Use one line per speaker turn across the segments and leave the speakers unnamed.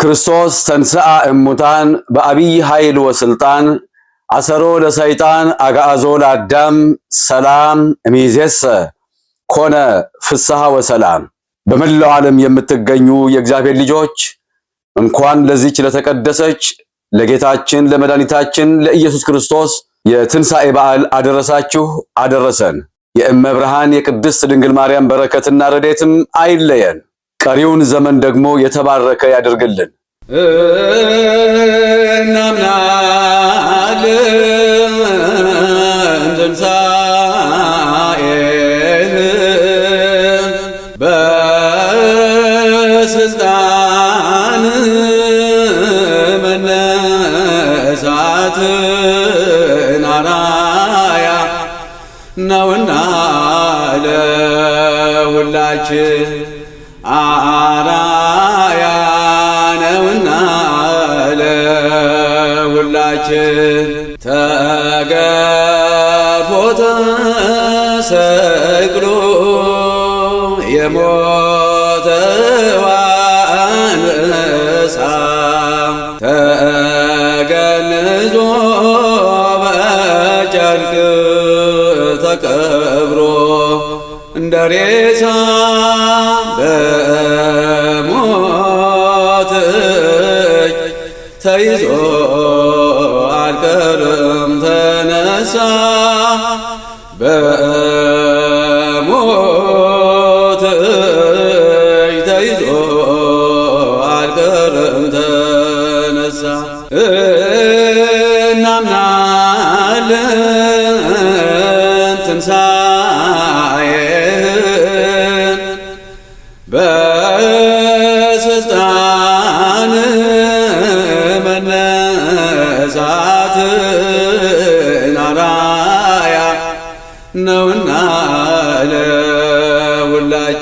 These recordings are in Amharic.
ክርስቶስ ተንስአ እሙታን በአቢይ ኃይል ወስልጣን አሰሮ ለሰይጣን አጋዞ ለአዳም ሰላም እሚዜሰ ኮነ ፍስሐ ወሰላም። በመላው ዓለም የምትገኙ የእግዚአብሔር ልጆች እንኳን ለዚች ለተቀደሰች ለጌታችን ለመድኃኒታችን ለኢየሱስ ክርስቶስ የትንሣኤ በዓል አደረሳችሁ አደረሰን። የእመብርሃን የቅድስት ድንግል ማርያም በረከትና ረዴትም አይለየን። ቀሪውን ዘመን ደግሞ የተባረከ ያደርግልን።
እናምናለን ትንሣኤህን በስልጣን መነሳትን ነውና ለሁላችን አራያ ተገፎ ተሰቅሎ የሞተው አንበሳ ተገንዞ በጨርቅ ተቀብሮ እንደ ሬሳ በሞት ተይዞ አልቀርም ተነሳ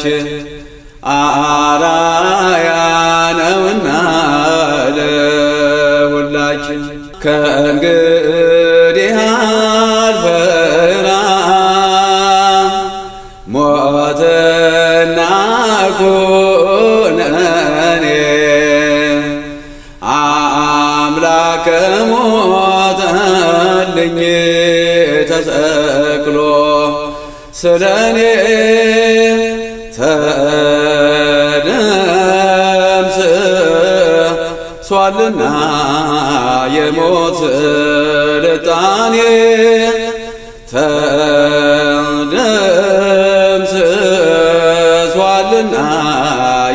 የሁላችን አራያ ነውና ለሁላችን ከእንግዲህ አልፈራ ሞትና ኩነኔ አምላከ ሞተልኝ ተሰቅሎ ስለኔ ሷልና የሞት ልጣኔ ተደምስሷልና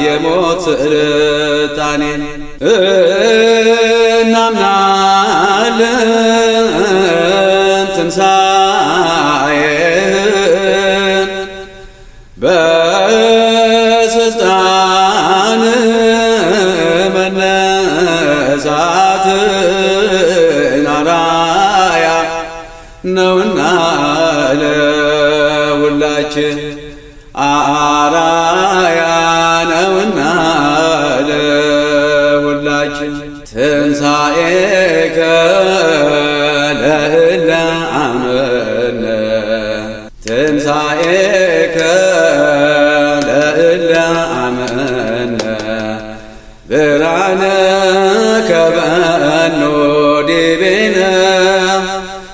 የሞት ልጣኔ መነሳትን አራያ ነውና ለሁላችን አራያ ነውና ለሁላችን ትንሣኤከ መሃኖ ዲቤነ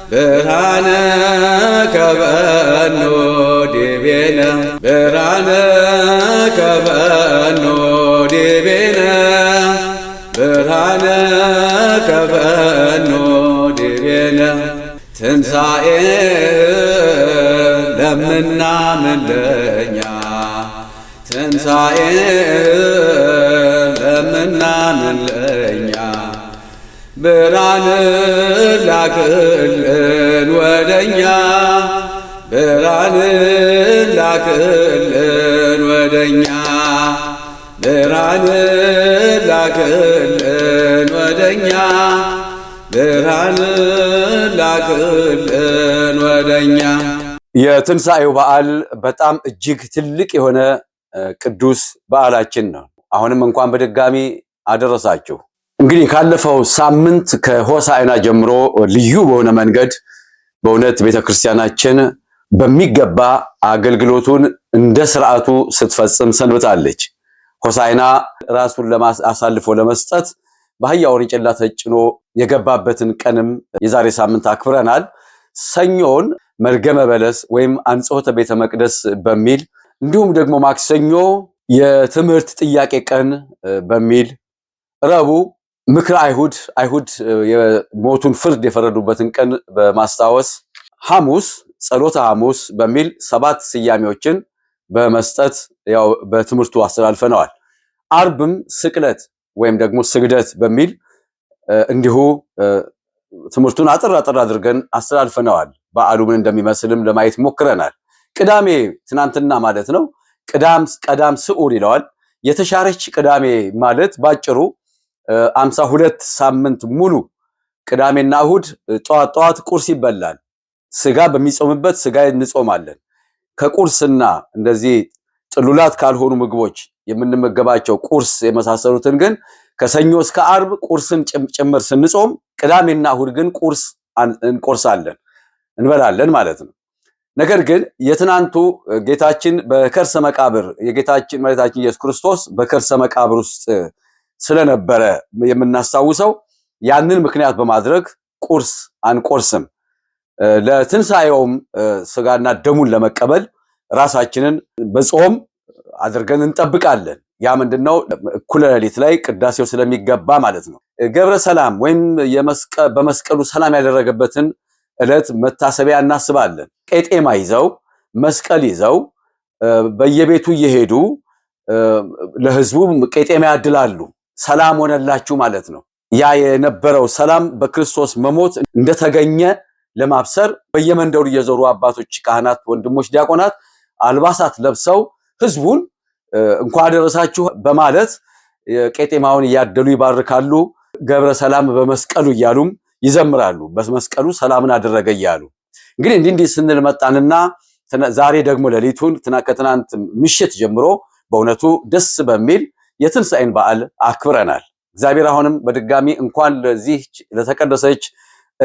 ብርሃነ ከበኖ ዲቤነ ብርሃነ ከበኖ ዲቤነ ብርሃነ ከበኖ ዲቤነ ትንሣኤ ለምናምን ለኛ ትንሣኤ ለምናምን ብርሃን ላክልን ወደኛ ብርሃን ላክልን ወደኛ ብርሃን ላክልን ወደኛ ብርሃን ላክልን ወደኛ።
የትንሣኤው በዓል በጣም እጅግ ትልቅ የሆነ ቅዱስ በዓላችን ነው። አሁንም እንኳን በድጋሚ አደረሳችሁ። እንግዲህ ካለፈው ሳምንት ከሆሳዕና ጀምሮ ልዩ በሆነ መንገድ በእውነት ቤተክርስቲያናችን በሚገባ አገልግሎቱን እንደ ስርዓቱ ስትፈጽም ሰንብታለች። ሆሳዕና ራሱን አሳልፎ ለመስጠት በአህያ ውርንጭላ ተጭኖ የገባበትን ቀንም የዛሬ ሳምንት አክብረናል። ሰኞን መርገመ በለስ ወይም አንጽሖተ ቤተ መቅደስ በሚል እንዲሁም ደግሞ ማክሰኞ የትምህርት ጥያቄ ቀን በሚል ረቡዕ ምክረ አይሁድ አይሁድ የሞቱን ፍርድ የፈረዱበትን ቀን በማስታወስ ሐሙስ ጸሎተ ሐሙስ በሚል ሰባት ስያሜዎችን በመስጠት ያው በትምህርቱ አስተላልፈነዋል። አርብም ስቅለት ወይም ደግሞ ስግደት በሚል እንዲሁ ትምህርቱን አጥር አጥር አድርገን አስተላልፈነዋል። በዓሉ ምን እንደሚመስልም ለማየት ሞክረናል። ቅዳሜ ትናንትና ማለት ነው። ቀዳም ስዑር ይለዋል። የተሻረች ቅዳሜ ማለት ባጭሩ አምሳ ሁለት ሳምንት ሙሉ ቅዳሜና እሁድ ጠዋት ጠዋት ቁርስ ይበላል። ስጋ በሚጾምበት ስጋ እንጾማለን። ከቁርስና እንደዚህ ጥሉላት ካልሆኑ ምግቦች የምንመገባቸው ቁርስ የመሳሰሉትን ግን ከሰኞ እስከ አርብ ቁርስን ጭምር ስንጾም፣ ቅዳሜና እሁድ ግን ቁርስ እንቆርሳለን እንበላለን ማለት ነው። ነገር ግን የትናንቱ ጌታችን በከርሰ መቃብር የጌታችን መሬታችን ኢየሱስ ክርስቶስ በከርሰ መቃብር ውስጥ ስለነበረ የምናስታውሰው ያንን ምክንያት በማድረግ ቁርስ አንቆርስም። ለትንሣኤውም ስጋና ደሙን ለመቀበል ራሳችንን በጾም አድርገን እንጠብቃለን። ያ ምንድነው? እኩለ ሌሊት ላይ ቅዳሴው ስለሚገባ ማለት ነው። ገብረ ሰላም ወይም በመስቀሉ ሰላም ያደረገበትን ዕለት መታሰቢያ እናስባለን። ቄጤማ ይዘው መስቀል ይዘው በየቤቱ እየሄዱ ለህዝቡ ቄጤማ ያድላሉ። ሰላም ሆነላችሁ ማለት ነው። ያ የነበረው ሰላም በክርስቶስ መሞት እንደተገኘ ለማብሰር በየመንደሩ እየዞሩ አባቶች፣ ካህናት፣ ወንድሞች፣ ዲያቆናት አልባሳት ለብሰው ህዝቡን እንኳን አደረሳችሁ በማለት ቄጤማውን እያደሉ ይባርካሉ። ገብረ ሰላም በመስቀሉ እያሉም ይዘምራሉ። በመስቀሉ ሰላምን አደረገ እያሉ እንግዲህ እንዲህ እንዲህ ስንል መጣንና ዛሬ ደግሞ ሌሊቱን ከትናንት ምሽት ጀምሮ በእውነቱ ደስ በሚል የትንሣኤን በዓል አክብረናል። እግዚአብሔር አሁንም በድጋሚ እንኳን ለዚህ ለተቀደሰች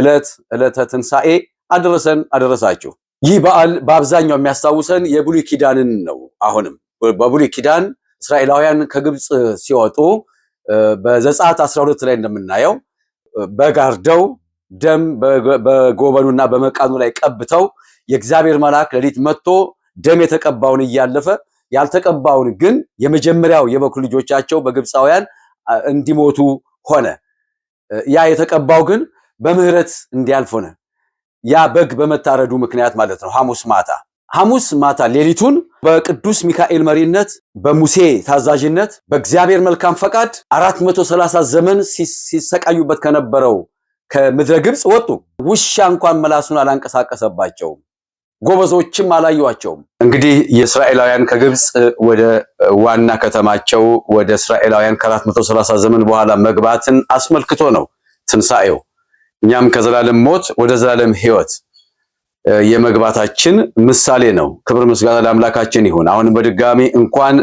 ዕለት ዕለተ ትንሣኤ አደረሰን አደረሳችሁ። ይህ በዓል በአብዛኛው የሚያስታውሰን የብሉይ ኪዳንን ነው። አሁንም በብሉይ ኪዳን እስራኤላውያን ከግብፅ ሲወጡ በዘጸአት 12 ላይ እንደምናየው በጋርደው ደም በጎበኑና በመቃኑ ላይ ቀብተው የእግዚአብሔር መልአክ ሌሊት መጥቶ ደም የተቀባውን እያለፈ ያልተቀባውን ግን የመጀመሪያው የበኩር ልጆቻቸው በግብፃውያን እንዲሞቱ ሆነ። ያ የተቀባው ግን በምህረት እንዲያልፍ ሆነ። ያ በግ በመታረዱ ምክንያት ማለት ነው። ሐሙስ ማታ ሐሙስ ማታ ሌሊቱን በቅዱስ ሚካኤል መሪነት በሙሴ ታዛዥነት በእግዚአብሔር መልካም ፈቃድ 430 ዘመን ሲሰቃዩበት ከነበረው ከምድረ ግብፅ ወጡ። ውሻ እንኳን መላሱን አላንቀሳቀሰባቸውም። ጎበዞችም አላዩዋቸውም። እንግዲህ የእስራኤላውያን ከግብፅ ወደ ዋና ከተማቸው ወደ እስራኤላውያን ከ430 ዘመን በኋላ መግባትን አስመልክቶ ነው ትንሣኤው። እኛም ከዘላለም ሞት ወደ ዘላለም ሕይወት የመግባታችን ምሳሌ ነው። ክብር ምስጋና ለአምላካችን ይሁን። አሁንም በድጋሚ እንኳን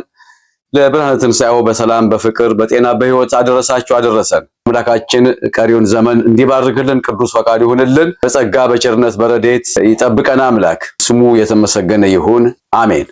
ለብርሃነ ትንሣኤው በሰላም በፍቅር በጤና በሕይወት አደረሳችሁ አደረሰን። አምላካችን ቀሪውን ዘመን እንዲባርክልን ቅዱስ ፈቃድ ይሁንልን። በጸጋ በቸርነት በረዴት ይጠብቀን። አምላክ ስሙ የተመሰገነ ይሁን። አሜን።